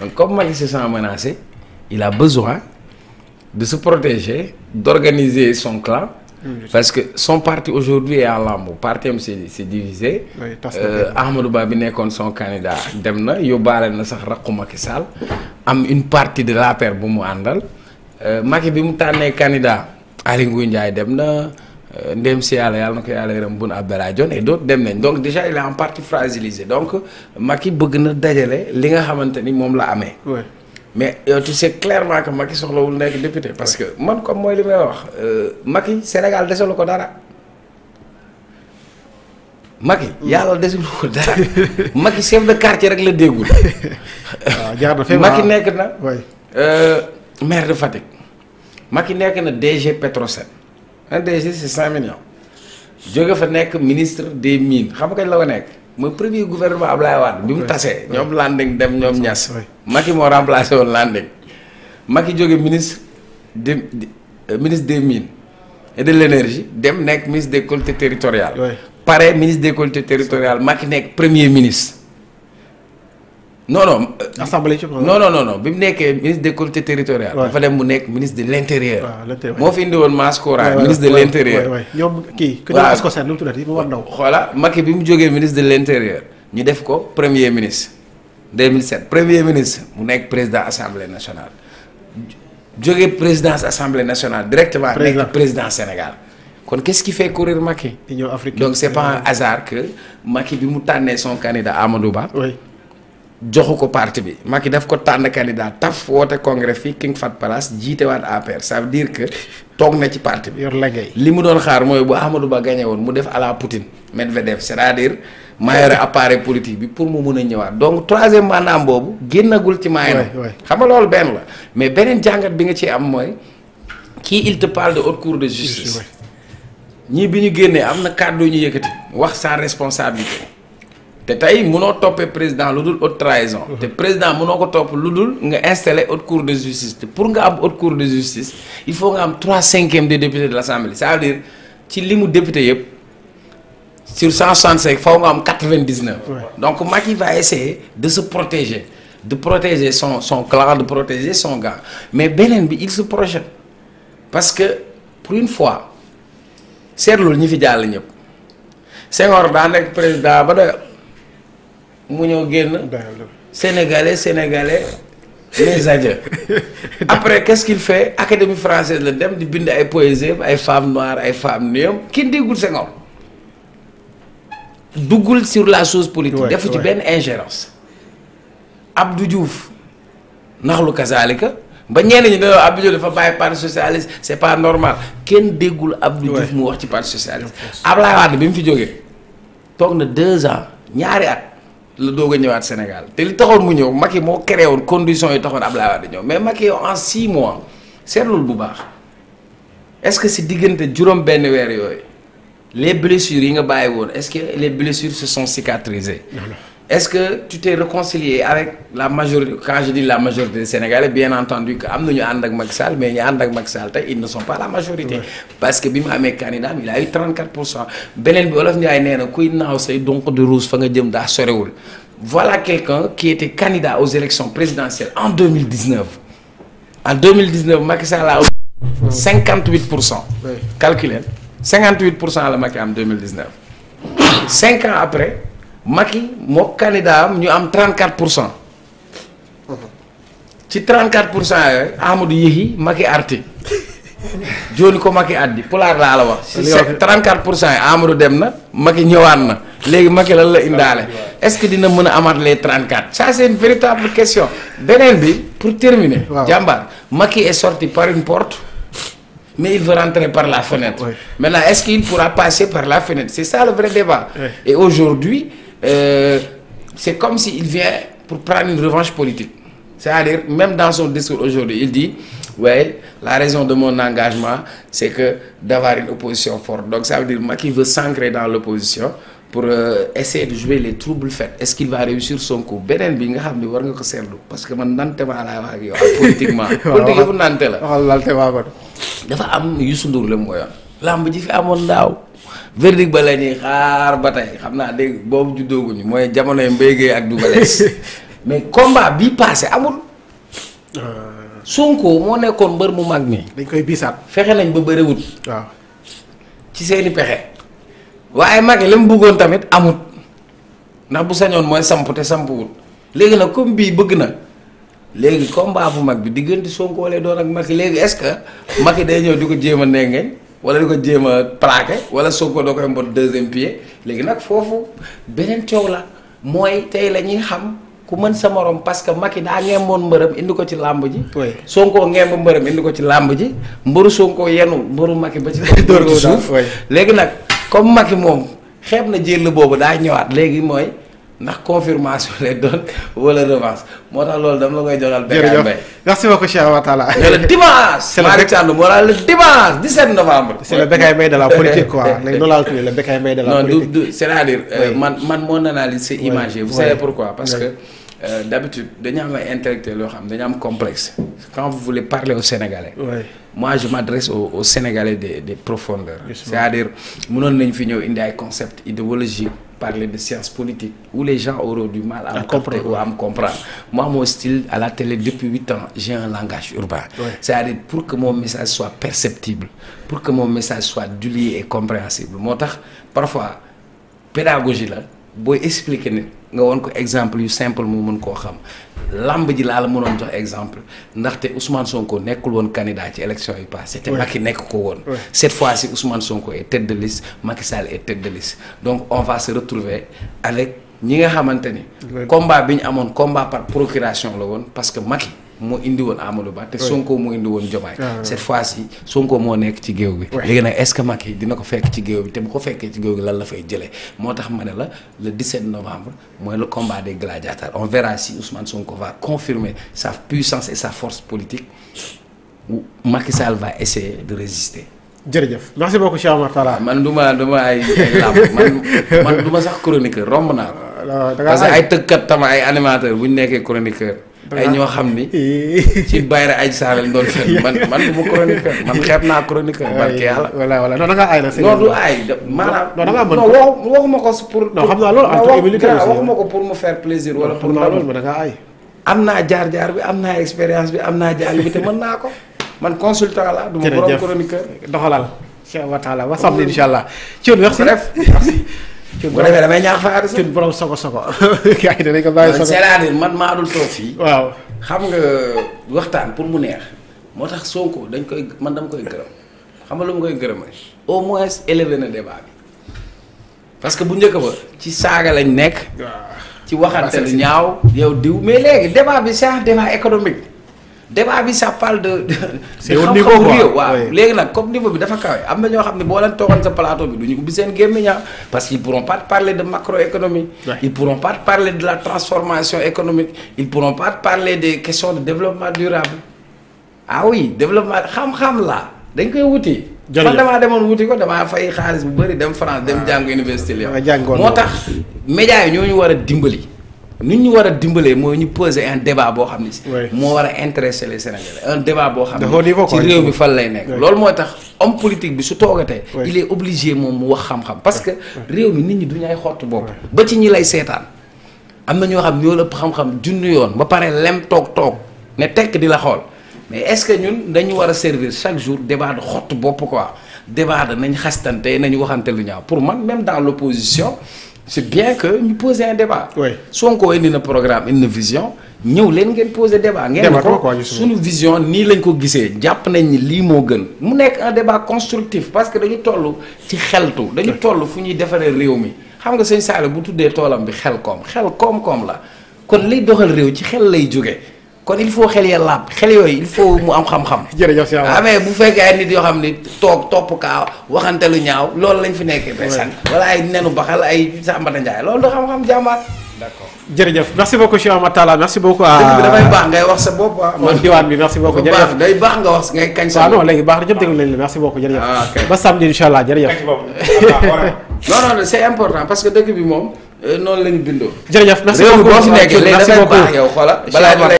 donc comme Macky se sent menacé il a besoin de se protéger d'organiser son clan parce que son parti aujourd'hui est à lambeaux parti am c'est c'est divisé euh, Amadou Ba bi nekkoon son candidat dem na yóbbaale na sax raqu Macky Sall am une partie de l'APR bu mu àndal euh, Macky bi mu tànnee candidat Aly Ngouille Ndiaye dem na ndéem si yàlla yàlla na ko yàlla yërëm Boun Abdallah Dionne et d'autres dem nañ donc déjà il est en partie fragilisé donc Macky bëgg na dajale li nga xamante ni moom la amee. mais yow tu clairement que Macky soxlawul nekk député parce que man comme mooy li may wax euh, Macky Sénégal desalu ko dara. Macky mm. yàlla desul ko dara Macky chef de quartier rek la déggul. waaw ah, jaar nekk na. Euh, maire de Fatick. Macky nekk na DG Petrosen. NDC c'est 100 millions jóge fa nekk ministre des mines xam nga kañ la ko nekk ma premier gouvernement Ablaye Wade bi mu tasee ñoom Landing dem ñoom Niass Macky moo remplacé woon Landing Macky jóge ministre de euh, ministre des mines et de l'énergie dem nekk ministre des collectivités territoriales pare ministre des collectivités territoriales Macky nekk premier ministre non non. assemblée ci non non non bi mu nekkee ministre des collectivités territoriales. dafa dem mu nekk ministre de l' intérieur. moo fi indi woon Mass Khouraa ministre de l' intérieur. waay ñoom kii. waaw ku nu mu tuddati mu war ndaw. voilà Macky bi mu jógee ministre de l' intérieur ñu def ko premier ministre 2007 premier ministre mu nekk président assemblée nationale jógee présidence assemblée nationale directement. nekk président Sénégal. kon qu'est-ce qui fait courir Macky. donc c' est pas un hasard que Macky bi mu tànnee son candidat Amadou Ba. joxu ko parti bi Macky daf ko tànn candidat taf woote congrès fii King Fahd Palace jiitewaat APR ça veut dire que toog na ci parti bi. yor la li mu doon xaar mooy bu Amadou Ba gagné woon mu def à la Poutine Medvedev c'est-à-dire. maa yore appareil bi pour mu mun a ñëwaat donc troisième mandat boobu génnagul ci maay na xam nga loolu benn la mais beneen jàngat bi nga ci am mooy kii il te parle de haute cour de justice ñii bi ñu génnee am na kàddu ñu yëkkati wax sa responsabilité te tey mënoo toppee président lu dul haute trahison. Mhm. te président mënoo ko topp lu dul nga installé haute cour de justice te pour nga am haute cour de justice il faut nga am trois cinquièmes des députés de l' assemblée dire ci li mu député yëpp sur cent soixante cinq faw nga am quatre vingt dix neuf. donc Macky va essayer de se protéger de protéger son son clan de protéger son gars mais beneen bi il se projet parce que pour une fois seetlu ñi fi jàll ñëpp Senghor daa nekk président mu ñëw génn. sénégalais sénégalais les adieux. après qu'est-ce qu'il fait académie française la dem di bind ay poésie ay femmes noires ay femmes nuyam kenn déggul Senghor duggul sur la chose politique. defu ci benn ingérence. Abdou juuf ndax lu kazaalika ba ñenn ñi dañoo Abdou Diouf dafa bàyyi parti socialiste c'est pas normal kenn déggul Abdou Diouf mu wax ci parti socialiste. Abdoulaye Wade bi mu fi jógee toog na deux ans ñaari at. la doog a ñëwaat Sénégal te li taxoon mu ñëw Macky moo créé woon conditions yi taxoon Abdoulaye Wade ñëw mais Macky yow en six mois seetlul bu baax est-ce que si diggante juróom benn weer yooyu les blessures yi nga bàyyi woon est-ce que les blessures se sont cicatrisées. est-ce que tu t'es réconcilié avec la majorité quand je dis la majorité des Sénégalais bien entendu que am na ñu ànd ak Macky Sall mais ñu ànd ak Macky Sall tey ils ne sont pas la majorité. parce que bi mu amee candidat il a eu 34 pour cent beneen bi Wolof Ndiaye nee na kuy naaw say donc de rouge fa nga jëm daa sorewul voilà quelqu'un qui était candidat aux élections présidentielles en 2019 en 2019 Macky Sall a. 58 pour cent. calculé 58 pour cent la Macky am 2019. 5 ans après. Macky moo candidat am ñu am 34 pour cent ci 34 pour cent yooyu Amadou yéegi Macky arti jooni ko Macky addi pulaar laa la wax. si 34 pour cent yi Amadou dem na Macky ñëwaat na léegi Macky lan la indaale. est-ce que dina mën a amaat les 34. ça c'est une véritable question beneen bi pour terminer. waaw jàmbaar Macky est sorti par une porte. mais il veut rentrer par la fenêtre. Oui. maintenant est-ce qu'il pourra passer par la fenêtre c'est ça le vrai débat. Oui. et aujourd'hui euh, c'est comme s'il vient pour prendre une revanche politique c'est-à-dire même dans son discours aujourd'hui il dit ouais la raison de mon engagement c'est que d'avoir une opposition forte donc ça veut dire Macky veut s'ancrer dans l'opposition pour euh, essayer de jouer les troubles faits est-ce qu'il va réussir son coup beneen bi nga xam ni war nga ko seetlu parce que man nante maa laa wax ak yow ak politiquement politique yëpp nante la dafa am Youssou Ndour la mu làmb ji fi amoon daaw verdict ba la ñuy xaar ba tey xam naa dégg boobu juddooguñu mooy jamono jamonoy mbéygee ak dugalees mais combat bii passé amul euh. Sonko moo nekkoon mbër mu mag mi dañ koy biisaat fexe nañ ba bëriwut waaw ci seeni pexe waaye mag yi buggoon tamit amut ndax bu sañoon mooy samp te sampuwut léegi nag comme bii bëgg na léegi combat bu mag bi diggante Sonko lay doon ak mag léegi est-ce que Macky day ñëw di ko jéem a nengeñ wala di ko jéem a plaqué wala Sonko doo koy mbot deuxième pied léegi nag foofu beneen coow la mooy tey la ñuy xam ku mën sa morom parce que yi daa ngemboon mbërëm indi ko ci làmb ji. oui Sonko ngemb mbërëm indi ko ci làmb ji mbëru Sonko yenu mbëru Macky ba ci. dóor ko suuf léegi nag comme mag yi moom xeeb na jël boobu daa ñëwaat léegi mooy. ndax confirmation lay doon wala revanche moo tax loolu dama la koy joxal. jërëjëf Mbaye merci beaucoup Cheikh Awa Talla. le la politique quoi léegi noonu laa la euh, man man mon analyse c' est imagé. vous savez pourquoi parce que euh, d' habitude dañu am ay intellectuels yoo xam dañu am complexe. quand vous voulez parler aux Sénégalais. moi je m' adresse aux aux Sénégalais des des profondeurs. c' est à dire mënoon nañu fi ñëw indi ay concepts idéologiques. parler de sciences politiques où les gens auront du mal à, à me comprendre ou à me comprendre. Moi, mon style à la télé depuis 8 ans, j'ai un langage urbain. C'est-à-dire pour que mon message soit perceptible, pour que mon message soit dulier et compréhensible. Moi, parfois, pédagogie, là, si expliquer nga woon ko exemple yu simple mu mën koo xam lamb ji laa la mënoon jox exemple ndaxte Ousmane Sonko nekkul woon candidat ci élection yu passé te Macky nekk ko woon cette fois-ci Ousmane Sonko est tête de liste Macky Sall est tête de liste donc on va se retrouver avec ñi nga xamante ni combat bi ñu amoon combat par procuration la woon parce que Macky moo indi woon Amadou Ba te Sonko moo indi woon Diomaye ah. cette fois-ci Sonko moo nekk ci géew bi léegi nag est-ce que Macky dina ko fekk ci géew bi te bu ko fekkee ci géew bi lan la fay jëlee moo tax ma ne la le 17 novembre mooy le combat des gladiateurs on verra si Ousmane Sonko va confirmer sa puissance et sa force politique Macky Sall va essayer de résister jërëjëf merci beaucoup Cheikh Omar man du ma du ma ay làmb man man du ma sax chroniqueur romb naa ko. Ah, parce que ay tëggkat tam ay bu ñu nekkee chroniqueur. ay ñoo xam ni ci Bayra Aïd Sarr lañ doon fen man man du ma chroniqueur man xeeb naa chroniqueur. barke yàlla voilà voilà non da ngaa aay nag. non du aay maanaam. non da ngaa naa loolu am naa jaar-jaar bi am naa expérience bi am naa jàng bi te mën naa ko man consultant la du ma borom chroniqueur. doxalal. incha allah wa taala wa samedi bu defee damay ñaax faatu sax. cun borom sogo sogo gars yi ko bàyyi sogo. cest à man maa dul toog fii. waaw xam nga waxtaan pour mu neex moo tax Sonko dañ koy man dama koy gërëm xam nga lu ma koy gërëma au moins élevé na débat bi parce que bu njëkk ba ci saaga lañ nekk. ci waxante lu ñaaw yow diw mais léegi débat bi c'est un débat économique. débat bi ça parle de. c'est au niveau quoi waaw léegi nag comme niveau bi dafa kawe am na ñoo xam ne boo leen toogoon sa plateau bi du ñu ubbi seen gémmiñ ah, parce qu'ils pourront pas parler de macroéconomie. Ouais. ils pourront pas parler de la transformation économique ils pourront pas parler des questions de développement durable ah oui développement xam-xam la dañ koy wuti. man damaa demoon wuti ko damaa fay xaalis bu bëri dem France dem ah. jàngu université Lyon. Ah, moo tax médias yi ñoo ñu war a dimbali. ni ñu war a dimbalee mooy ñu poser un débat boo xam ne si. moo war a intéresser les Sénégalais un débat boo xam ne ci réew mi fan lay nekk. loolu mooy tax homme politique bi su toogatee. il est obligé moom mu wax xam-xam. parce que réew mi nit ñi du ñu ay xottu bopp. ba ci ñi lay seetaan am na ñoo xam ñoo la xam-xam junni yoon ba pare lem toog toog ne tekk di la xool mais est-ce que ñun dañu war a servir chaque jour débat de xottu bopp quoi débat de nañ xastante nañu waxante lu ñaaw pour man même dans l'opposition. c'est bien que ñu poser un débat. oui Sonko indi na programme indi ñëw leen ngeen poser débat. ngeen ko suñu vision nii lañ ko gisee jàpp nañ lii moo gën. mu nekk un débat constructif parce que dañu tollu ci xeltu dañu toll fu ñuy defaree réew mi xam nga sëñ Saalum bu tuddee toolam bi xel koom xel koom-koom la kon liy doxal réew ci xel lay jóge kon il faut xel ya laab xel yooyu il faut mu am xam-xam. jërëjëf si amee bu fekkee ay nit yoo xam ni toog topp kaa waxante lu ñaaw loolu lañ fi nekkee. waaw wala ay nenu baxal ay Sambata Ndiaye loolu du xam-xam jàmbaar. d'accord jërëjëf bi dafay baax ngay wax sa bopp ah. man diwaan bi merci beaucoup jërëjëf baax day baax nga wax na c'est important parce que dëkk bi moom euh, noonu la ñu bindoo. jërëjëf merci boo fi nekkee léegi dafay baax yow xoola balaa